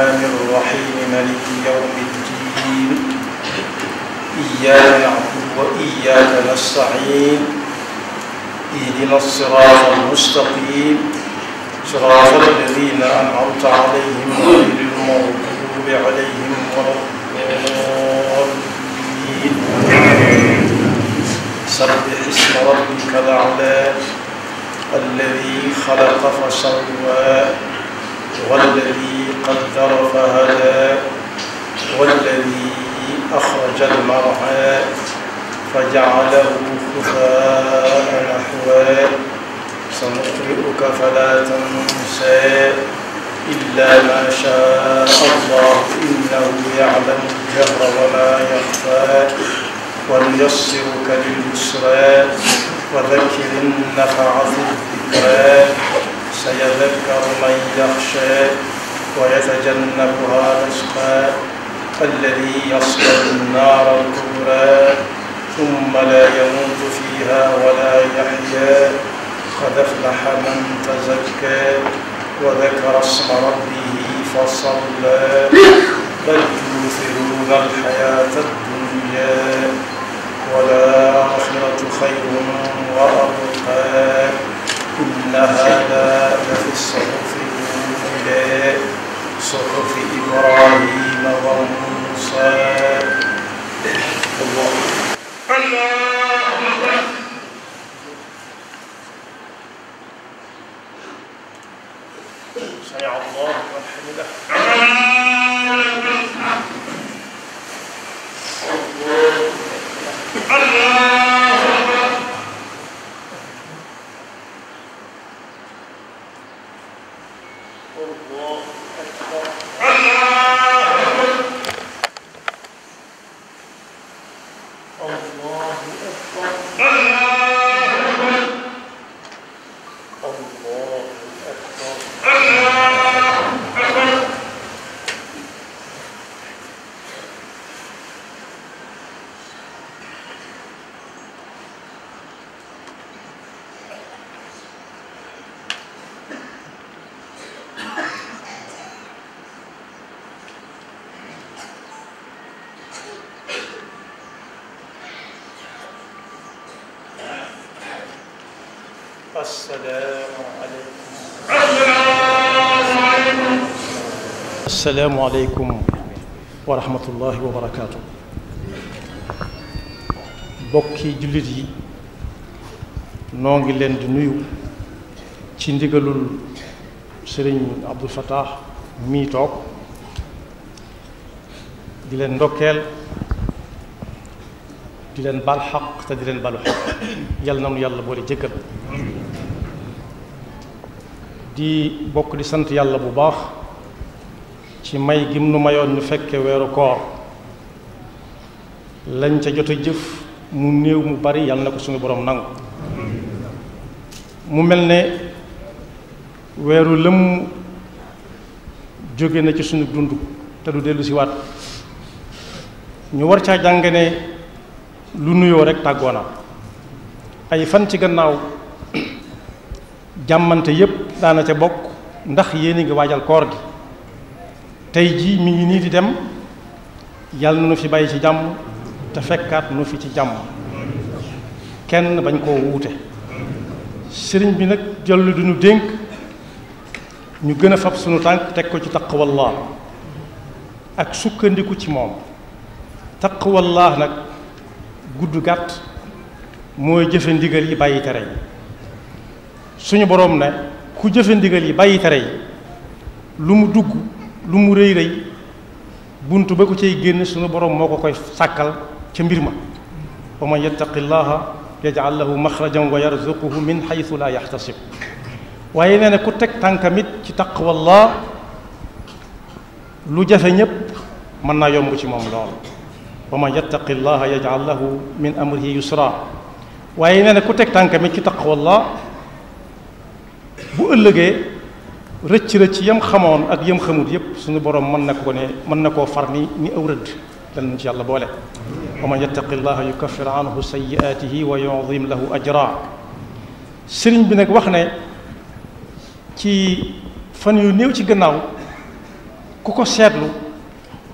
الرحمن الرحيم ملك يوم الدين إياك نعبد وإياك نستعين اهدنا الصراط المستقيم صراط الذين أنعمت عليهم غير المغضوب عليهم ولا الضالين سبح اسم ربك الأعلى الذي خلق فسوى والذي قدر فهدى والذي أخرج المرعى فجعله كفاء نحوى سنقرئك فلا تنسى إلا ما شاء الله إنه يعلم الجهر وما يخفى ونيسرك لليسرى وذكر النفعة الذكرى سيذكر من يخشى ويتجنبها الأشقى الذي يصلى النار الكبرى ثم لا يموت فيها ولا يحيا قد أفلح من تزكى وذكر اسم ربه فصلى بل توثرون الحياة الدنيا والآخرة خير وأبقى إن هذا لفي الصحف إلى صحف إبراهيم وموسى asalaamaaleykum. asalaamaaleykum wa rahmatullahi wa barakaatu. bokki jullit yi noo ngi leen di nuyu ci ndigalul sëriñ Abdou Fattah mii toog di leen ndokkeel di leen bal xaq te di leen balu xaq yàlla na nu yàlla boole jëkkal di bokk di sant yàlla bu baax ci may gim nu mayoon ñu fekkee weeru koor lañ ca jot jëf mu néew mu bari yàlla na ko suñu borom nangu mu mel ne weeru lëmm jóge na ci suñu dund te du dellu waat ñu war caa jàngane lu nuyoo rek tàggoona ay fan ci gannaaw jàmmante yépp daana ca bokk ndax yéen ngi waajal koor gi tey jii mi ngi nii di dem yàlla na nu fi bàyyi ci jàmm te fekkaat nu fi ci jàmm kenn bañ koo wuute sëriñ bi nag jollu du dénk ñu gën a fab sunu tànk teg ko ci taqwallah ak sukkandiku ci moom taqwallah nag gudd gàtt mooy jëfe ndigal yi bàyyi tere suñu boroom ne ku jëfe ndigal yi bàyyi tere yi lu mu dugg lu mu rëy rëy bunt ba ko cay génn suñu boroom moo ko koy sàkkal ca mbir ma wa man yattaqi llaha yaj'al lahu maxrajan wa yarzuquhu min xaytu laa yaxtasib waaye nee na ku teg tànkamit ci taqwallah lu jafe ñépp mën naa yomb ci moom lool wa man yattaqi llaha yaj'al lahu min amrihi yusra waaye nee na ku teg tànkamit ci taqwallah bu ëllëgee rëcc rëcc yam xamoon ak yam xamut yëpp suñu borom mën na ko ne mën na koo far ni ni aw rëdd dal nañ ci yàlla boole wa man yattaqi llaha yukaffir anhu sayyi'atihi wa yu'zim lahu ajra sëriñ bi nag wax ne ci fan yu néew ci gannaaw ku ko seetlu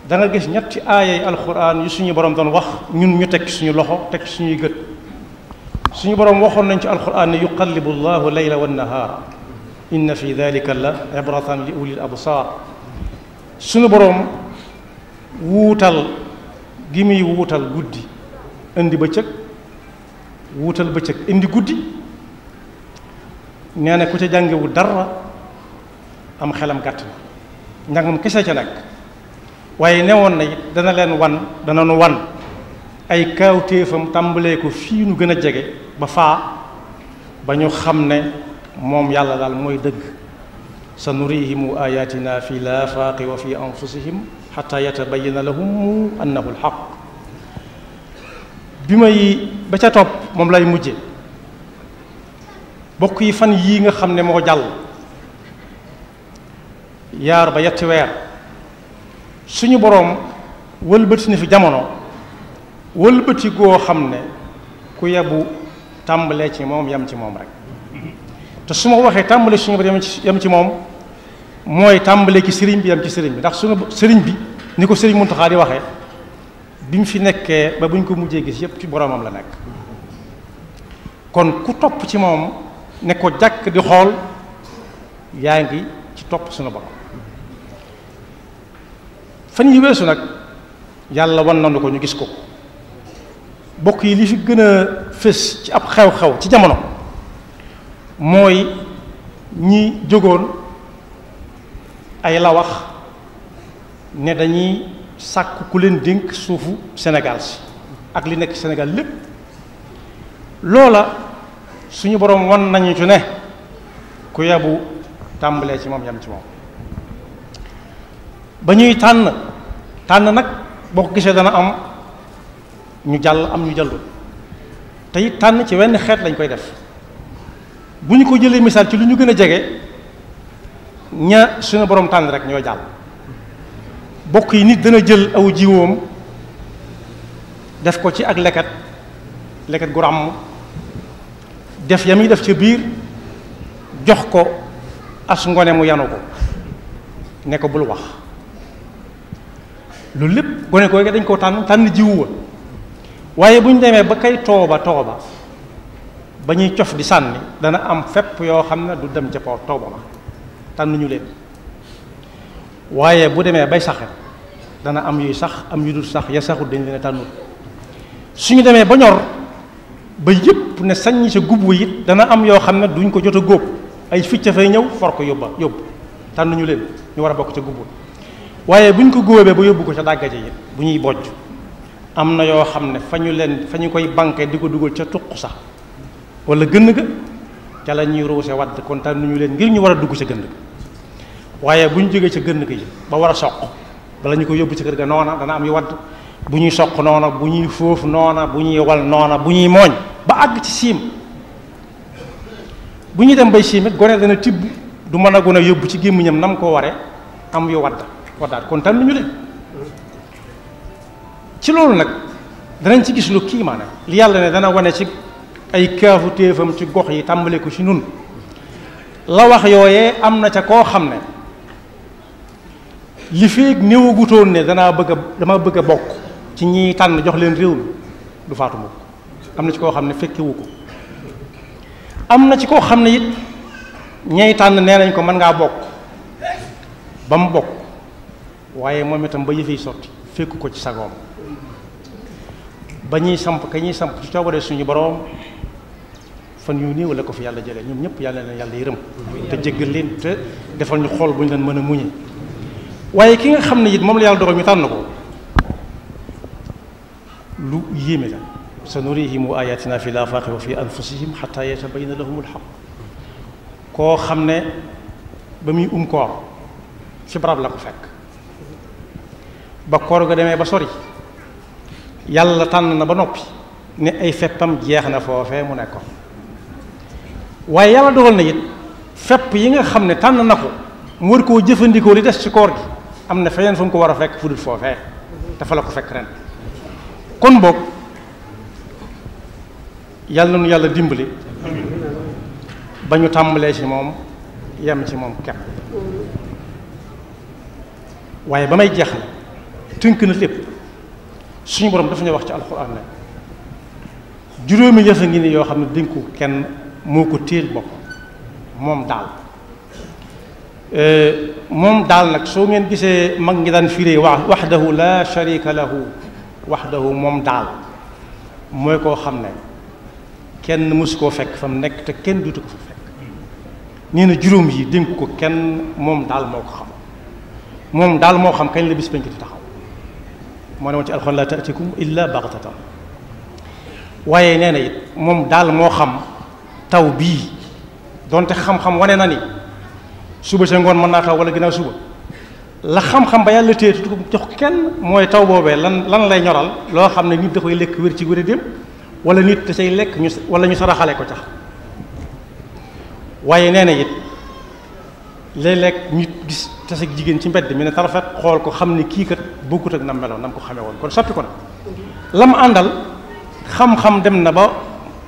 da nga gis ñetti aayay alquran yu suñu borom doon wax ñun ñu teg suñu loxo teg suñuy gët suñu borom waxoon nañ ci alquran ne yuqallibu llahu layla wannahaara inna fi dalika la ibratan li ulil absar sunu boroom wuutal gi muy wuutal guddi indi bëccëg wuutal bëccëg indi guddi nee na ku ca jàngewu dara am xelam gàtt na njàngum kese ca nag waaye newoon na it dana leen wan dana nu wan ay kaawtéefam tàmbalee ko fii nu gën a jege ba faa ba ñu xam ne moom yàlla daal mooy dëgg sa nurihimu ayatina fi laafaaqi wa fi anfusihim xata yatabayana lahum annahu lxaq bi may ba ca topp moom lay mujje bokk yi fan yii nga xam ne moo jàll yaar ba yetti weer suñu boroom wëlbati na fi jamono wëlbati goo xam ne ku yebu tàmbalee ci moom yam ci moom rek te su ma waxee tàmbale suñu borom yem ci moom mooy tàmbale ki sëriñ bi yem ci sëriñ bi ndax suñu sëriñ bi ni ko sëriñ Muntaxa di waxee bi mu fi nekkee ba bu ñu ko mujjee gis yëpp ci boromam la nekk kon ku topp ci moom ne ko jàkk di xool yaa ngi ci topp suñu borom fan yi weesu nag yàlla wan nañu ko ñu gis ko bokk yi li fi gën a fës ci ab xew-xew ci jamono mooy ñi jógoon ay lawax ne dañuy sàkk ku leen dink suufu Sénégal si ak li nekk Sénégal lépp loola suñu boroom wan nañu ci ne ku yabu tàmbalee ci moom yam ci moom ba ñuy tànn tànn nag boo ko gisee dana am ñu jàll am ñu jàllul te it tànn ci wenn xeet lañ koy def bu ñu ko jëlee misaal ci lu ñu gën a jege ña sunu boroom tànn rek ñoo jàll bokk yi nit dana jël aw jiwoom def ko ci ak leket leket gu ràmm def ya muy def ca biir jox ko as ngone mu yanu ko ne ko bul wax loolu lépp gone ko dañ koo tànn tànn jiw wa waaye bu ñu demee ba kay tooba tooba ba ñuy cof di sànni dana am fépp yoo xam ne du dem ca po taw ba ma tànnuñu leen waaye bu demee bay saxe dana am yuy sax am yu dul sax ya saxut dañ leen a tànnul suñu demee ba ñor ba yëpp ne saññ sa gub it dana am yoo xam ne duñ ko jot a góob ay ficca fay ñëw for ko yóbba yóbbu ñu leen ñu war a bokk ca gubbu waaye buñ ko góobee ba yóbbu ko ca dàggaje yi bu ñuy bojj am na yoo xam ne fa ñu leen fa ñu koy banqué di ko dugal ca tuq sax wala gënn ga ca la ñuy ruuse wadd kontaan nu ñu leen ngir ñu war a dugg ca gënn waaye bu jógee ca gënn ga yi ba war a soq ko yóbbu ca kër ga noona dana am yu wadd bu ñuy soq noona bu ñuy foof noona bu ñuy wal noona bu ñuy mooñ ba àgg ci siim bu dem bay siim it gone du mën a gën a ci gémmiñam nam koo waree am yu wadd leen ci loolu nag danañ ci gis lu kiimaane li yàlla ne dana wane ci ay kaafu téefam ci gox yi tàmbale ko ci nun la wax yooyee am na ca koo xam ne li feeg néewagutoon ne danaa bëgg a dama bëgg a bokk ci ñiy tànn jox leen réew mi du faatu mukk am na ci koo xam ne fekkewu ko am na ci koo xam ne it ñay tànn nee nañ ko mën ngaa bokk ba mu bokk waaye moom itam ba yëfey sotti fekku ko ci sagoom ba ñuy samp ka ñuy samp ci coobaree suñu boroom fan yu néew la ko fi yàlla jëlee ñoom ñëpp yàlla na yàlla yërëm te jéggal leen te defal ñu xool bu ñu leen mën a muñe waaye ki nga xam ne it moom la yàlla dogal ñu tànn ko lu yéeme la sa nurihim ayatina fi laafaaqi wa fi anfusihim bay yatabayna lahum alxaq koo xam ne ba muy um koor fi barab la ko fekk ba koor ga demee ba sori yàlla tànn na ba noppi ne ay feppam jeex na foofe mu nekkoon waaye yàlla dogal na it fepp yi nga xam ne tànn na ko mu war koo jëfandikoo li des ci koor gi am na feneen fu mu ko war a fekk fu dul foofee dafa la ko fekk ren kon boog yàlla na nu yàlla dimbali ba ñu tàmbalee ci moom yem ci moom kepp waaye ba may jeexal tënk na lépp suñu borom dafa ñuy wax ci alxuraan ne juróomi yëf a ngi ni yoo xam ne dénku kenn moo ko téel moom daal euh, moom daal nag soo ngeen gisee mag ngi daan firee wax waxdahu laa sharika lahu waxdahu moom daal mooy koo xam ne kenn mësu koo fekk fa mu nekk te kenn dutu ko fa fekk nee na juróom yi dénk ko kenn moom daal moo ko xam moom daal moo xam kañ la bis bañ taxaw moo ne woon ci alxuraan laa taatikum illa baxtatan waaye nee na moom daal moo xam taw bii doonte xam-xam wane na ni suba sa ngoon mën naa taw wala ginnaaw suba la xam-xam ba yàlla téye ko jox kenn mooy taw boobee lan lan lay ñoral loo xam ne nit da koy lekk wér ci wér dem wala nit da lekk ñu wala ñu saraxale ko tax waaye nee na it léeg lekk nit gis taseg jigéen ci mbedd mi ne tarafet xool ko xam ne kii kat bokkut ak nam meloon nam ko xamee woon kon soppi ko na lam àndal xam-xam dem na ba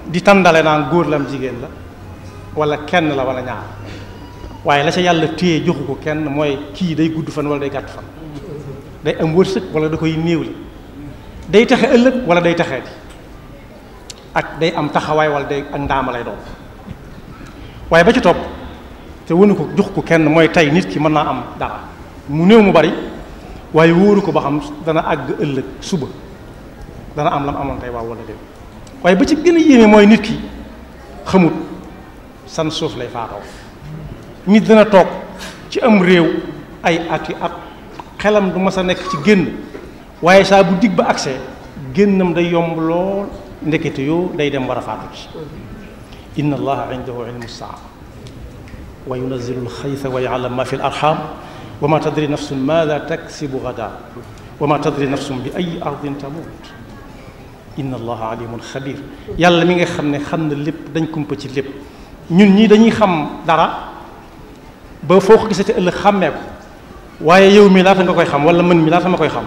di tàndale naan góor lam jigéen la wala kenn la wala ñaar waaye la ca yàlla téye joxu ko kenn mooy kii day gudd fan walla day gàtt fan day am wërsëg wala da koy néewli day taxe ëllëg wala day taxee ak day am taxawaay wala day ak ndaama lay doon waaye ba ci topp te wënu ko jox ko kenn mooy tey nit ki mën naa am dara mu néew mu bari waaye wóoru ko ba xam dana àgg ëllëg suba dana am lam amoon tey waaw wala déet waaye ba ci gën a yéeme mooy nit ki xamut san suuf lay faatoo nit dina toog ci am réew ay at yu xelam du mas a nekk ci génn waaye saa bu digg ba accès génnam day yomb lool ndekete yoo day dem war a faatu ci inna allaha indahu ilmu saa wa yunazilu alxaysa wa yaalam ma fi l arxam wa ma tadri nafsun maada taksibu gadan wa ma tadri nafsun bi ay ardin tamut inna allaha alimun xabir yàlla mi nga xam ne xam na lépp dañ kumpa ci lépp ñun ñii dañuy xam dara ba foo ko gisate ëllëg xàmmee ko waaye yow mi laata nga koy xam wala man mi laata ma koy xam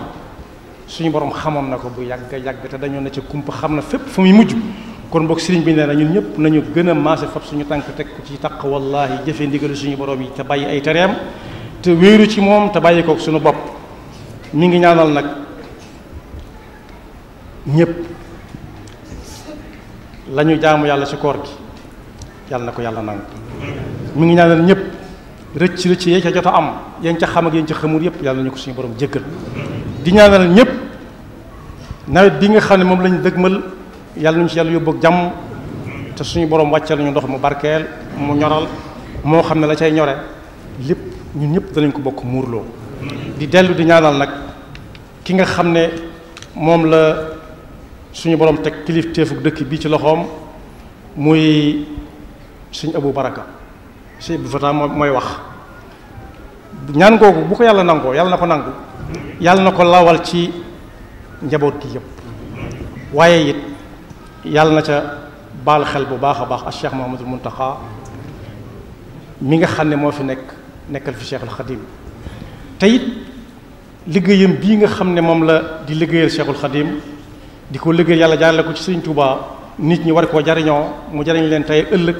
suñu borom xamoon na ko bu yàgg yàgg te dañoo na ci kumpa xam na fépp fu muy mujj kon boog sëriñ bi nee na ñun ñëpp nañu gën a maase fab suñu tànk teg ko ci taq wallaahi jëfe ndigalu suñu boroom yi te bàyyi ay tereem te wéeru ci moom te bàyyi kook suñu bopp mi ñépp lañu ñu jaamu yàlla ci koor gi yàlla na ko yàlla nangu mi ngi ñaanal ñépp rëcc rëcc yee ca jot am yéen ca xam ak yéen ca xamul yépp yàlla nañu ko suñu borom jéggal di ñaanal ñépp nawet bi nga xam ne moom lañ dëgmal yàlla nañu ci yàlla jàmm te suñu borom wàccal nañu ndox mu barkeel mu moo xam ne la cay ñore lépp ñun ko bokk muurloo dellu di ñaanal nag nga xam ne moom la suñu borom teg kilifteefu dëkk bii ci loxoom muy suñ abu baraka suñ abu fata mooy wax ñaan googu bu ko yàlla nangoo yàlla na ko nangu yàlla na ko lawal ci njaboot gi yëpp waaye it yàlla na ca baal xel bu baax a baax ak Cheikh Mouhamadul Mountakha mi nga xam ne moo fi nekk nekkal fi Cheikhul Khadim te it liggéeyam bii nga xam ne moom la di liggéeyal Cheikhul Khadim di ko liggéey yàlla jaarale ko ci sëriñ Touba nit ñi war koo jariñoo mu jariñ leen tey ëllëg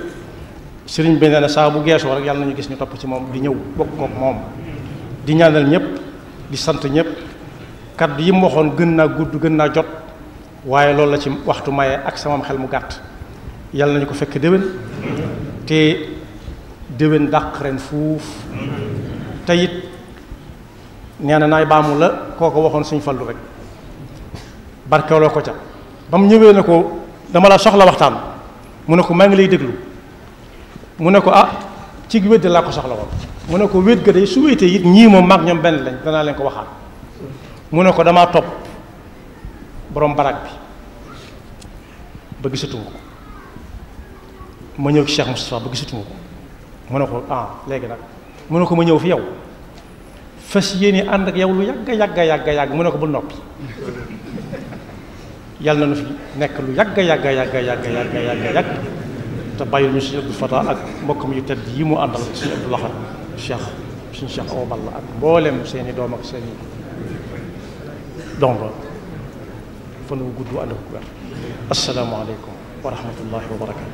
sëriñ bi nee na saa bu geesoo rek yàlla nañu gis ñu topp ci moom di ñëw bokk moom moom di ñaanal ñëpp di sant ñëpp kat yi waxoon gën naa gudd gën naa jot waaye loolu la ci waxtu maye ak sama xel mu gàtt yàlla nañu ko fekk déwén te déwén dàq ren fuuf te it nee na naay baamu la koo ko waxoon suñ fallu rek barkeeloo ko ca ba mu ñëwee ne ko dama la soxla waxtaan mu ne ko maa ngi lay déglu mu ne ko ah cig wéet laa ko soxla woon mu ne ko wéet ga day su wéetee it ñii moom maag ñoom benn lañ danaa leen ko waxaat mu ne ko damaa topp borom barak bi ba gisatuma ko ma ñëw ci Cheikh Moustapha ba gisatuma ko mu ne ko ah léegi nag mu ne ko ma ñëw fi yow fas yi ànd ak yow lu yàgg yàgg yàgg yàgg mu ne ko bul noppi yàlla na fi nekk lu yàgg yàgga yàgg yàgga yàgg te bàyyil ñu suñu Abdou Fatah ak mbokkam yu tedd yi mu àndal suñu Abdou Lahad Cheikh suñu Cheikh ak mboolem seeni doom ak seeni doom ba gudd ànd ak wér asalaamaaleykum wa rahmatullahi wa barakaatu